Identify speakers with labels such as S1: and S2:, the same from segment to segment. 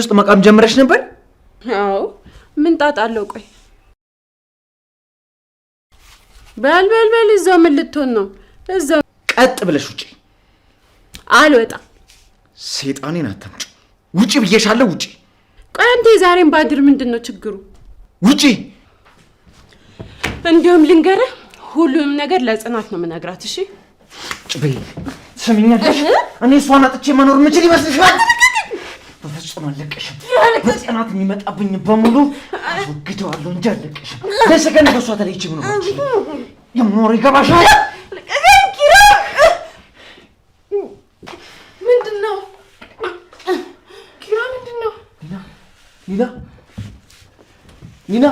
S1: ውስጥ መቃም ጀምረሽ ነበር?
S2: አዎ። ምን ጣጣ አለው? ቆይ በል በል በል፣ እዛው ምን ልትሆን ነው? እዛው
S1: ቀጥ ብለሽ ውጪ። አልወጣም። ሴጣኔን አታምጪ። ውጪ ብዬሻለሁ፣ ውጪ።
S2: ቆይ አንተ የዛሬን ባድር ምንድን ነው ችግሩ? ውጪ። እንዲሁም ልንገርህ፣ ሁሉንም ነገር ለጽናት ነው የምነግራት። እሺ፣
S1: ጭበይ፣ ትሰሚኛለሽ? እኔ እሷን አጥቼ መኖር የምችል ይመስልሻል? በፍጹም አለቀሽም። በጤናት የሚመጣብኝ በሙሉ አስወግደዋለሁ እንጂ አለቀሽም። ለሰከንድ በሷ ተለይቼ ምን የምኖር ይገባሻል?
S2: ምንድን ነው ኪራ? ምንድን ነው
S1: ኒና? ኒና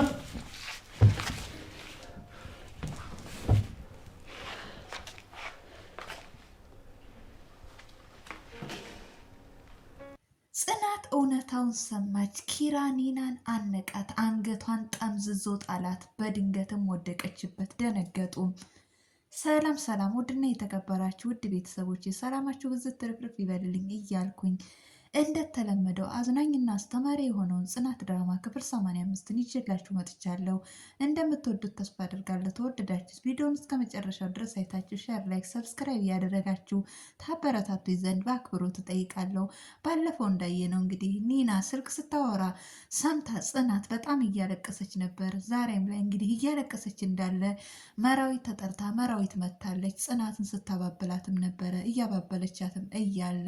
S2: ሰማች። ኪራ ኒናን አነቃት፣ አንገቷን ጠምዝዞ ጣላት። በድንገትም ወደቀችበት፣ ደነገጡ። ሰላም ሰላም! ውድና የተከበራችሁ ውድ ቤተሰቦች ሰላማችሁ ብዝት ትርፍርፍ ይበልልኝ እያልኩኝ እንደተለመደው አዝናኝና አስተማሪ የሆነውን ጽናት ድራማ ክፍል 85ን ይዤላችሁ መጥቻለሁ። እንደምትወዱት ተስፋ አድርጋለሁ። ተወደዳችሁ ቪዲዮን እስከ መጨረሻው ድረስ አይታችሁ ሼር፣ ላይክ፣ ሰብስክራይብ እያደረጋችሁ ታበረታቱ ዘንድ በአክብሮት እጠይቃለሁ። ባለፈው እንዳየነው እንግዲህ ኒና ስልክ ስታወራ ሰምታ ጽናት በጣም እያለቀሰች ነበር። ዛሬም ላይ እንግዲህ እያለቀሰች እንዳለ መራዊት ተጠርታ መራዊት መታለች። ጽናትን ስታባብላትም ነበረ እያባበለቻትም እያለ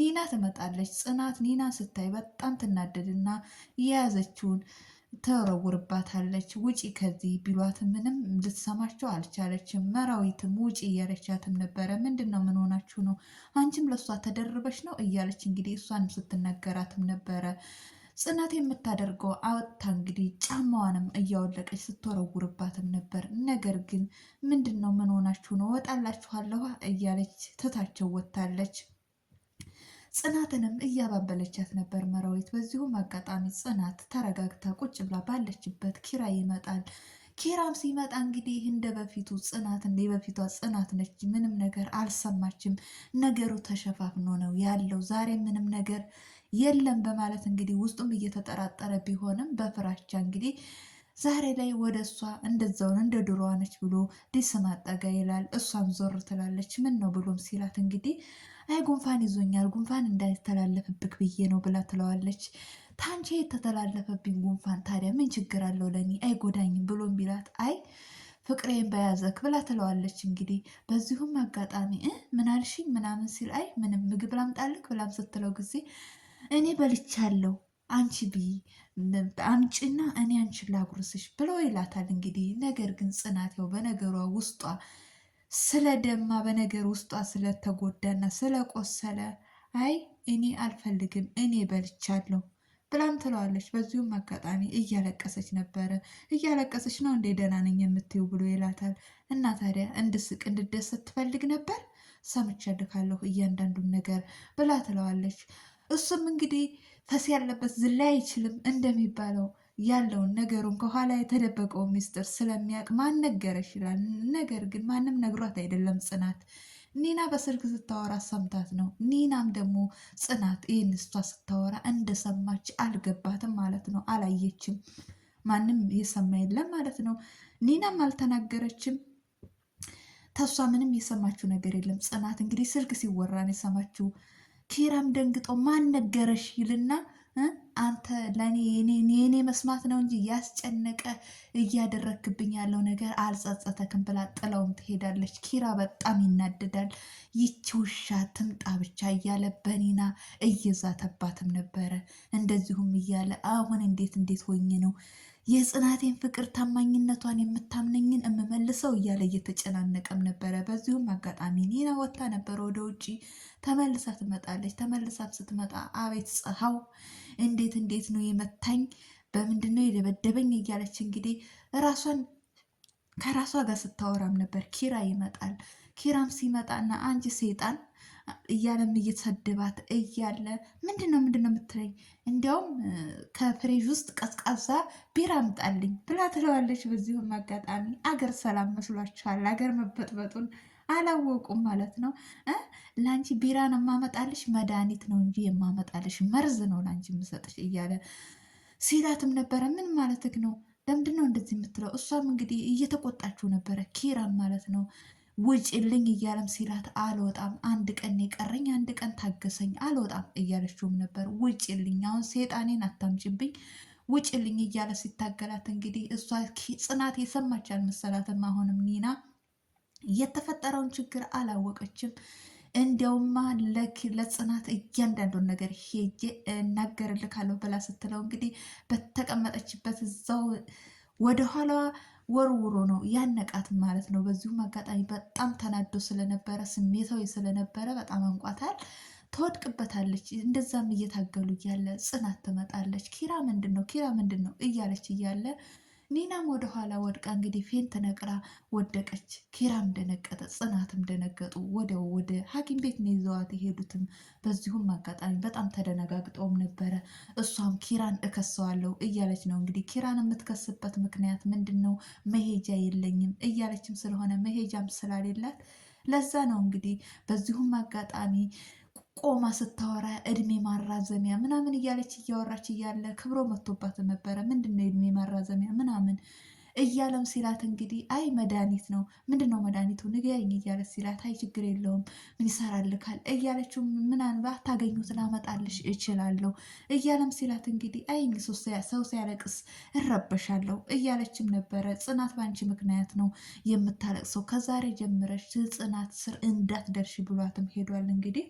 S2: ኒና ትመጣለች። ትላታለች። ጽናት ኒና ስታይ በጣም ትናደድና የያዘችውን ተወረውርባታለች። ውጪ ከዚህ ቢሏት ምንም ልትሰማቸው አልቻለችም። መራዊትም ውጪ እያለቻትም ነበረ። ምንድን ነው ምን ሆናችሁ ነው? አንቺም ለእሷ ተደርበች ነው እያለች እንግዲህ እሷንም ስትነገራትም ነበረ። ጽናት የምታደርገው አወጥታ እንግዲህ ጫማዋንም እያወለቀች ስትወረውርባትም ነበር። ነገር ግን ምንድን ነው ምን ሆናችሁ ነው? ወጣላችኋለኋ እያለች ትታቸው ወጥታለች። ጽናትንም እያባበለቻት ነበር መራዊት። በዚሁም አጋጣሚ ጽናት ተረጋግታ ቁጭ ብላ ባለችበት ኪራ ይመጣል። ኪራም ሲመጣ እንግዲህ እንደ በፊቱ ጽናት እንደ በፊቷ ጽናት ነች። ምንም ነገር አልሰማችም። ነገሩ ተሸፋፍኖ ነው ያለው። ዛሬ ምንም ነገር የለም በማለት እንግዲህ ውስጡም እየተጠራጠረ ቢሆንም በፍራቻ እንግዲህ ዛሬ ላይ ወደ እሷ እንደዛውን እንደ ድሮዋ ነች ብሎ ሊሰማጠጋ ይላል። እሷም ዞር ትላለች። ምን ነው ብሎም ሲላት እንግዲህ አይ ጉንፋን ይዞኛል፣ ጉንፋን እንዳይተላለፍብክ ብዬ ነው ብላ ትለዋለች። ታንቺ የተተላለፈብኝ ጉንፋን ታዲያ ምን ችግር አለው ለእኔ አይጎዳኝም ብሎም ቢላት አይ ፍቅሬን በያዘክ ብላ ትለዋለች። እንግዲህ በዚሁም አጋጣሚ ምን አልሽኝ ምናምን ሲል አይ ምንም ምግብ ላምጣልክ ብላም ስትለው ጊዜ እኔ በልቻለሁ አንቺ ቢ አምጭና እኔ አንቺን ላጉርስሽ ብሎ ይላታል። እንግዲህ ነገር ግን ጽናት ያው በነገሯ ውስጧ ስለደማ በነገር ውስጧ ስለተጎዳና ስለቆሰለ አይ እኔ አልፈልግም እኔ በልቻለሁ ብላም ትለዋለች። በዚሁም አጋጣሚ እያለቀሰች ነበረ። እያለቀሰች ነው እንዴ ደህና ነኝ የምትይው ብሎ ይላታል። እና ታዲያ እንድስቅ እንድደሰት ትፈልግ ነበር ሰምቻልካለሁ እያንዳንዱን ነገር ብላ ትለዋለች። እሱም እንግዲህ ተስ ያለበት ዝላይ አይችልም እንደሚባለው ያለውን ነገሩን ከኋላ የተደበቀው ሚስጥር ስለሚያውቅ ማን ነገረሽ ይላል። ነገር ግን ማንም ነግሯት አይደለም። ጽናት ኒና በስልክ ስታወራ ሰምታት ነው። ኒናም ደግሞ ጽናት ይህን እሷ ስታወራ እንደሰማች አልገባትም ማለት ነው። አላየችም። ማንም የሰማ የለም ማለት ነው። ኒናም አልተናገረችም። ተሷ ምንም የሰማችው ነገር የለም። ጽናት እንግዲህ ስልክ ሲወራን የሰማችው። ኪራም ደንግጦ ማን ነገረሽ ይልና አንተ ለእኔ የኔ መስማት ነው እንጂ ያስጨነቀ እያደረክብኝ ያለው ነገር አልጸጸተክም ብላ ጥለውም ትሄዳለች። ኪራ በጣም ይናደዳል። ይቺ ውሻ ትምጣ ብቻ እያለ በኒና እየዛተባትም ነበረ። እንደዚሁም እያለ አሁን እንዴት እንዴት ሆኜ ነው የጽናቴን ፍቅር ታማኝነቷን የምታምነኝን እምመልሰው እያለ እየተጨናነቀም ነበረ። በዚሁም አጋጣሚ ኒና ወጥታ ነበረ ወደ ውጭ ተመልሳ ትመጣለች። ተመልሳ ስትመጣ አቤት ፀሐው እንዴት እንዴት ነው የመታኝ በምንድን ነው የደበደበኝ እያለች እንግዲህ ራሷን ከራሷ ጋር ስታወራም ነበር። ኪራ ይመጣል። ኪራም ሲመጣና አንቺ ሴጣን እያለም እየተሰደባት እያለ ምንድን ነው ምንድን ነው የምትለኝ? እንዲያውም ከፍሬጅ ውስጥ ቀዝቃዛ ቢራ አምጣልኝ ብላ ትለዋለች። በዚሁም አጋጣሚ አገር ሰላም መስሏችኋል። አገር መበጥበጡን አላወቁም ማለት ነው። ለአንቺ ቢራን የማመጣልሽ መድኃኒት ነው እንጂ የማመጣልሽ መርዝ ነው ለአንቺ የምሰጥሽ እያለ ሲላትም ነበረ። ምን ማለትክ ነው? ለምንድን ነው እንደዚህ የምትለው? እሷም እንግዲህ እየተቆጣችው ነበረ ኪራን ማለት ነው። ውጭልኝ እያለም ሲላት አልወጣም፣ አንድ ቀን የቀረኝ አንድ ቀን ታገሰኝ፣ አልወጣም እያለችውም ነበር። ውጭልኝ፣ አሁን ሴጣኔን አታምጭብኝ፣ ውጭልኝ እያለ ሲታገላት እንግዲህ እሷ ጽናት የሰማች አልመሰላትም። አሁንም ኒና የተፈጠረውን ችግር አላወቀችም። እንዲያውማ ለጽናት እያንዳንዱን ነገር ሄጄ እናገርልካለሁ ብላ ስትለው እንግዲህ በተቀመጠችበት እዛው ወደ ኋላ ወርውሮ ነው ያነቃት ማለት ነው። በዚሁም አጋጣሚ በጣም ተናዶ ስለነበረ ስሜታዊ ስለነበረ በጣም አንቋታል። ተወድቅበታለች። እንደዛም እየታገሉ እያለ ጽናት ትመጣለች። ኪራ ምንድን ነው ኪራ ምንድን ነው እያለች እያለ ኒናም ወደኋላ ወድቃ እንግዲህ ፌንት ነቅራ ወደቀች። ኪራም ደነቀጠ ጽናትም ደነገጡ። ወዲያው ወደ ሐኪም ቤት ነው ይዘዋት የሄዱትም። በዚሁም አጋጣሚ በጣም ተደነጋግጠውም ነበረ። እሷም ኪራን እከሰዋለሁ እያለች ነው እንግዲህ። ኪራን የምትከስበት ምክንያት ምንድን ነው? መሄጃ የለኝም እያለችም ስለሆነ መሄጃም ስላሌላት ለዛ ነው እንግዲህ በዚሁም አጋጣሚ ቆማ ስታወራ እድሜ ማራዘሚያ ምናምን እያለች እያወራች እያለ ክብሮ መጥቶባት ነበረ። ምንድን ነው እድሜ ማራዘሚያ ምናምን እያለም ሲላት እንግዲህ አይ መድኃኒት ነው ምንድን ነው መድኃኒቱ ንገረኝ እያለ ሲላት አይ ችግር የለውም ምን ይሰራልካል እያለችው ምናልባት ታገኙት ላመጣልሽ እችላለሁ እያለም ሲላት እንግዲህ አይ ሰው ሲያለቅስ እረበሻለሁ እያለችም ነበረ። ጽናት በአንቺ ምክንያት ነው የምታለቅሰው ከዛሬ ጀምረሽ ጽናት ስር እንዳትደርሽ ብሏትም ሄዷል እንግዲህ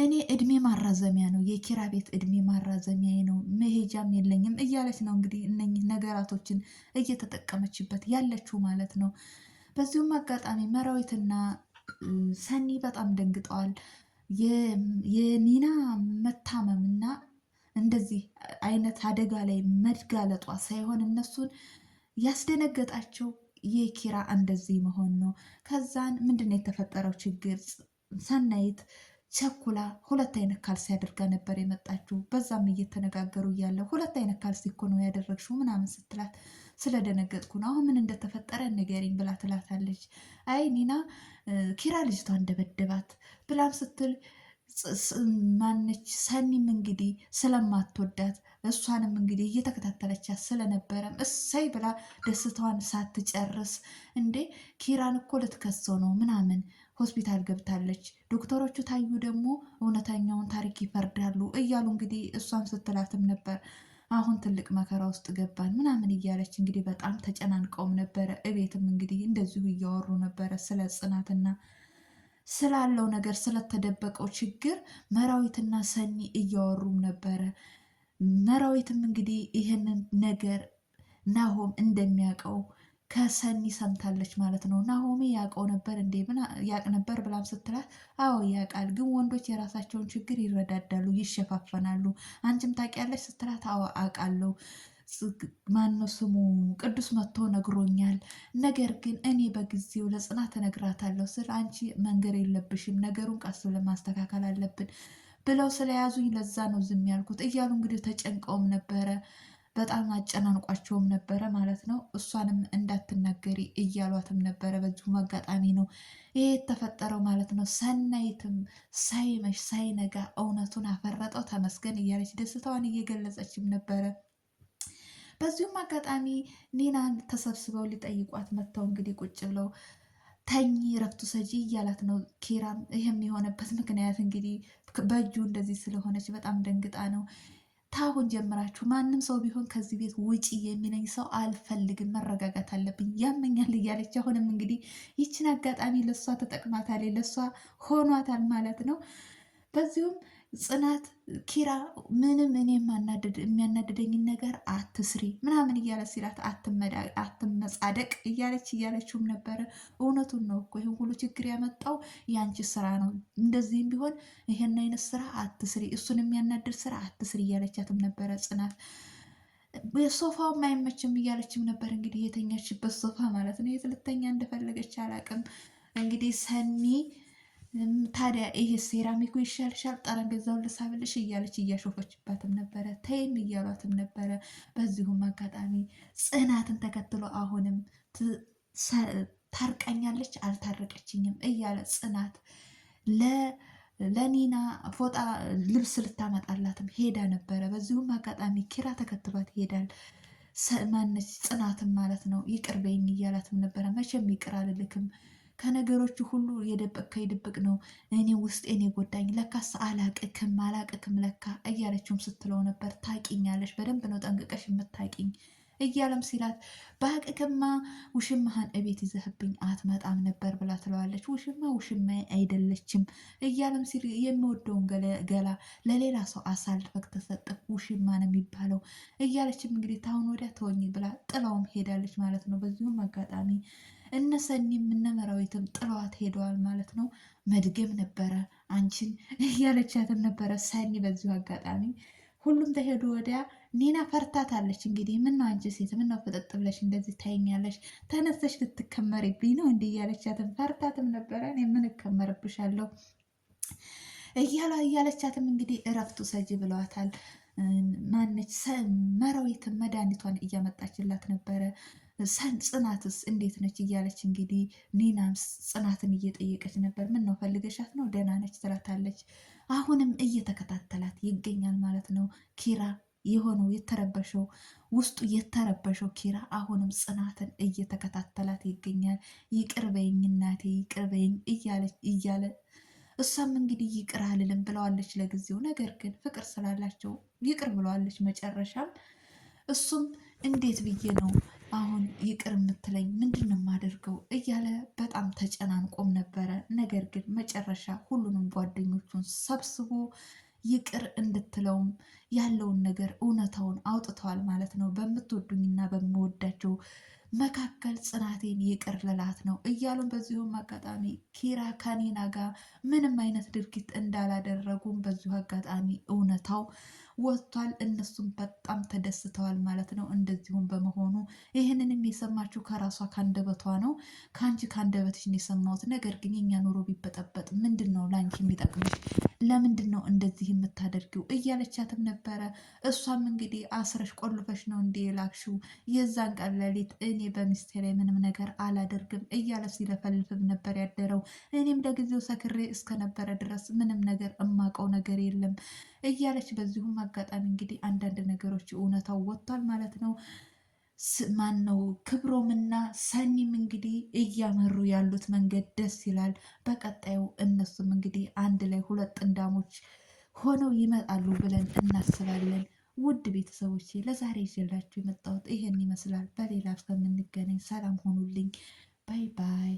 S2: እኔ እድሜ ማራዘሚያ ነው የኪራ ቤት እድሜ ማራዘሚያ ነው መሄጃም የለኝም እያለች ነው እንግዲህ እነኚህ ነገራቶችን እየተጠቀመችበት ያለችው ማለት ነው። በዚሁም አጋጣሚ መራዊትና ሰኒ በጣም ደንግጠዋል። የኒና መታመምና እንደዚህ አይነት አደጋ ላይ መድጋለጧ ሳይሆን እነሱን ያስደነገጣቸው የኪራ እንደዚህ መሆን ነው። ከዛን ምንድን ነው የተፈጠረው ችግር ሰናይት ቸኩላ ሁለት አይነት ካልሲ አድርጋ ነበር የመጣችው። በዛም እየተነጋገሩ እያለ ሁለት አይነት ካልሲ እኮ ነው ያደረግሽው ምናምን ስትላት ስለደነገጥኩ ነው አሁን ምን እንደተፈጠረ ንገሪኝ ብላ ትላታለች። አይ ኒና ኪራ ልጅቷ እንደበደባት ብላም ስትል ማነች ሰኒም እንግዲህ ስለማትወዳት እሷንም እንግዲህ እየተከታተለቻት ስለነበረም እሰይ ብላ ደስታዋን ሳትጨርስ እንዴ ኪራን እኮ ልትከሰው ነው ምናምን ሆስፒታል ገብታለች። ዶክተሮቹ ታዩ ደግሞ እውነተኛውን ታሪክ ይፈርዳሉ እያሉ እንግዲህ እሷም ስትላትም ነበር አሁን ትልቅ መከራ ውስጥ ገባን ምናምን እያለች እንግዲህ በጣም ተጨናንቀውም ነበረ። እቤትም እንግዲህ እንደዚሁ እያወሩ ነበረ ስለ ጽናትና ስላለው ነገር ስለተደበቀው ችግር መራዊትና ሰኒ እያወሩም ነበረ። መራዊትም እንግዲህ ይህንን ነገር ናሆም እንደሚያውቀው ከሰኒ ሰምታለች ማለት ነው። ናሆሚ ያውቀው ነበር እንዴ ያቅ ነበር ብላም ስትላት፣ አዎ ያውቃል፣ ግን ወንዶች የራሳቸውን ችግር ይረዳዳሉ፣ ይሸፋፈናሉ። አንቺም ታውቂያለሽ ስትላት፣ አዎ አውቃለሁ ማነው ስሙ ቅዱስ መጥቶ ነግሮኛል። ነገር ግን እኔ በጊዜው ለጽናት እነግራታለሁ ስል አንቺ መንገር የለብሽም ነገሩን ቀስ ብለን ማስተካከል አለብን ብለው ስለያዙኝ ለዛ ነው ዝም ያልኩት እያሉ እንግዲህ ተጨንቀውም ነበረ። በጣም አጨናንቋቸውም ነበረ ማለት ነው። እሷንም እንዳትናገሪ እያሏትም ነበረ። በዚሁም አጋጣሚ ነው ይሄ የተፈጠረው ማለት ነው። ሰናይትም ሳይመሽ ሳይነጋ እውነቱን አፈረጠው ተመስገን እያለች ደስታዋን እየገለጸችም ነበረ። በዚሁም አጋጣሚ ኒናን ተሰብስበው ሊጠይቋት መጥተው እንግዲህ ቁጭ ብለው ተኝ ረፍቱ ሰጂ እያላት ነው። ኪራም ይህም የሆነበት ምክንያት እንግዲህ በእጁ እንደዚህ ስለሆነች በጣም ደንግጣ ነው። ታሁን ጀምራችሁ ማንም ሰው ቢሆን ከዚህ ቤት ውጪ የሚለኝ ሰው አልፈልግም፣ መረጋጋት አለብኝ፣ ያመኛል እያለች አሁንም እንግዲህ ይችን አጋጣሚ ለእሷ ተጠቅማታል፣ ለእሷ ሆኗታል ማለት ነው። በዚሁም ጽናት ኪራ ምንም እኔ የሚያናድደኝን ነገር አትስሪ ምናምን እያለ ሲላት አትመጻደቅ እያለች እያለችውም ነበረ። እውነቱን ነው እኮ ይህን ሁሉ ችግር ያመጣው የአንቺ ስራ ነው። እንደዚህም ቢሆን ይህን አይነት ስራ አትስሪ፣ እሱን የሚያናድድ ስራ አትስሪ እያለቻትም ነበረ ጽናት ሶፋውም አይመችም እያለችም ነበር። እንግዲህ የተኛችበት ሶፋ ማለት ነው። የት ልተኛ እንደፈለገች አላቅም። እንግዲህ ሰኒ ታዲያ ይሄ ሴራሚኩ ይሻልሻል፣ ጠረጴዛውን ልሳብልሽ እያለች እያሾፈችባትም ነበረ። ተይም እያሏትም ነበረ። በዚሁም አጋጣሚ ጽናትን ተከትሎ አሁንም ታርቀኛለች፣ አልታረቀችኝም እያለ ጽናት ለኒና ፎጣ ልብስ ልታመጣላትም ሄዳ ነበረ። በዚሁም አጋጣሚ ኪራ ተከትሏት ይሄዳል። ማነች ጽናትም ማለት ነው። ይቅር በይኝ እያላትም ነበረ። መቼም ይቅር አልልክም ከነገሮች ሁሉ የደበቅከ ይድብቅ ነው እኔ ውስጤን የጎዳኝ ለካስ አላቅክም አላቅክም ለካ እያለችውም ስትለው ነበር። ታቂኛለሽ፣ በደንብ ነው ጠንቅቀሽ የምታቂኝ እያለም ሲላት በቅቅማ ውሽማህን እቤት ይዘህብኝ አትመጣም ነበር ብላ ትለዋለች። ውሽማ ውሽማ አይደለችም እያለም ሲል የሚወደውን ገላ ለሌላ ሰው አሳልፈክ ተሰጠፍ ውሽማ ነው የሚባለው እያለችም እንግዲህ ታሁን ወዲያ ተወኝ ብላ ጥላውም ሄዳለች ማለት ነው። በዚሁም አጋጣሚ እነሰኒ የምነመራዊትም ጥለዋት ሄደዋል ማለት ነው። መድገም ነበረ አንቺን እያለቻትም ነበረ ሰኒ። በዚሁ አጋጣሚ ሁሉም ተሄዱ ወዲያ ኒና ፈርታታለች። እንግዲህ ምነው አንቺ ሴት ምነው ፍጥጥ ብለሽ እንደዚህ ታይኛለሽ? ተነስተሽ ልትከመሪብኝ ነው እንዲህ እያለቻትም ፈርታትም ነበረ። እኔ ምን እከመርብሻለሁ እያሏ እያለቻትም እንግዲህ እረፍቱ ሰጂ ብለዋታል። ማነች መራዊትም መድኃኒቷን እያመጣችላት ነበረ። ጽናትስ እንዴት ነች እያለች እንግዲህ ኒናም ጽናትን እየጠየቀች ነበር። ምን ነው ፈልገሻት ነው? ደህና ነች ትላታለች። አሁንም እየተከታተላት ይገኛል ማለት ነው ኪራ የሆነው የተረበሸው ውስጡ የተረበሸው ኪራ አሁንም ጽናትን እየተከታተላት ይገኛል። ይቅር በይኝ እናቴ ይቅር በይኝ እያለች እያለ እሷም እንግዲህ ይቅር አልልም ብለዋለች ለጊዜው። ነገር ግን ፍቅር ስላላቸው ይቅር ብለዋለች። መጨረሻም እሱም እንዴት ብዬ ነው አሁን ይቅር የምትለኝ ምንድን ነው የማደርገው እያለ በጣም ተጨናንቆም ነበረ። ነገር ግን መጨረሻ ሁሉንም ጓደኞቹን ሰብስቦ ይቅር እንድትለውም ያለውን ነገር እውነታውን አውጥተዋል ማለት ነው። በምትወዱኝና በምወዳቸው መካከል ጽናቴን ይቅር ልላት ነው እያሉም በዚሁም አጋጣሚ ኪራ ከኔና ጋር ምንም አይነት ድርጊት እንዳላደረጉም በዚሁ አጋጣሚ እውነታው ወጥቷል። እነሱም በጣም ተደስተዋል ማለት ነው እንደዚሁም በመሆኑ። ይህንንም የሰማችው ከራሷ ካንደበቷ ነው። ከአንቺ ካንደበትሽ ነው የሰማሁት። ነገር ግን የኛ ኑሮ ቢበጠበጥ ምንድን ነው ለአንቺ የሚጠቅምሽ? ለምንድን ነው እንደዚህ የምታደርጊው? እያለቻትም ነበረ። እሷም እንግዲህ አስረሽ ቆልፈሽ ነው እንዲ የላክሽው። የዛን ቀን ሌሊት እኔ በሚስቴ ላይ ምንም ነገር አላደርግም እያለ ሲለፈልፍም ነበር ያደረው። እኔም ለጊዜው ሰክሬ እስከነበረ ድረስ ምንም ነገር እማቀው ነገር የለም እያለች በዚሁም አጋጣሚ እንግዲህ አንዳንድ ነገሮች እውነታው ወጥቷል ማለት ነው። ማን ነው ክብሮምና ሰኒም እንግዲህ እያመሩ ያሉት መንገድ ደስ ይላል። በቀጣዩ እነሱም እንግዲህ አንድ ላይ ሁለት ጥንዳሞች ሆነው ይመጣሉ ብለን እናስባለን። ውድ ቤተሰቦች ለዛሬ ይዤላችሁ የመጣሁት ይሄን ይመስላል። በሌላ እስከምንገናኝ ሰላም ሆኑልኝ። ባይ ባይ።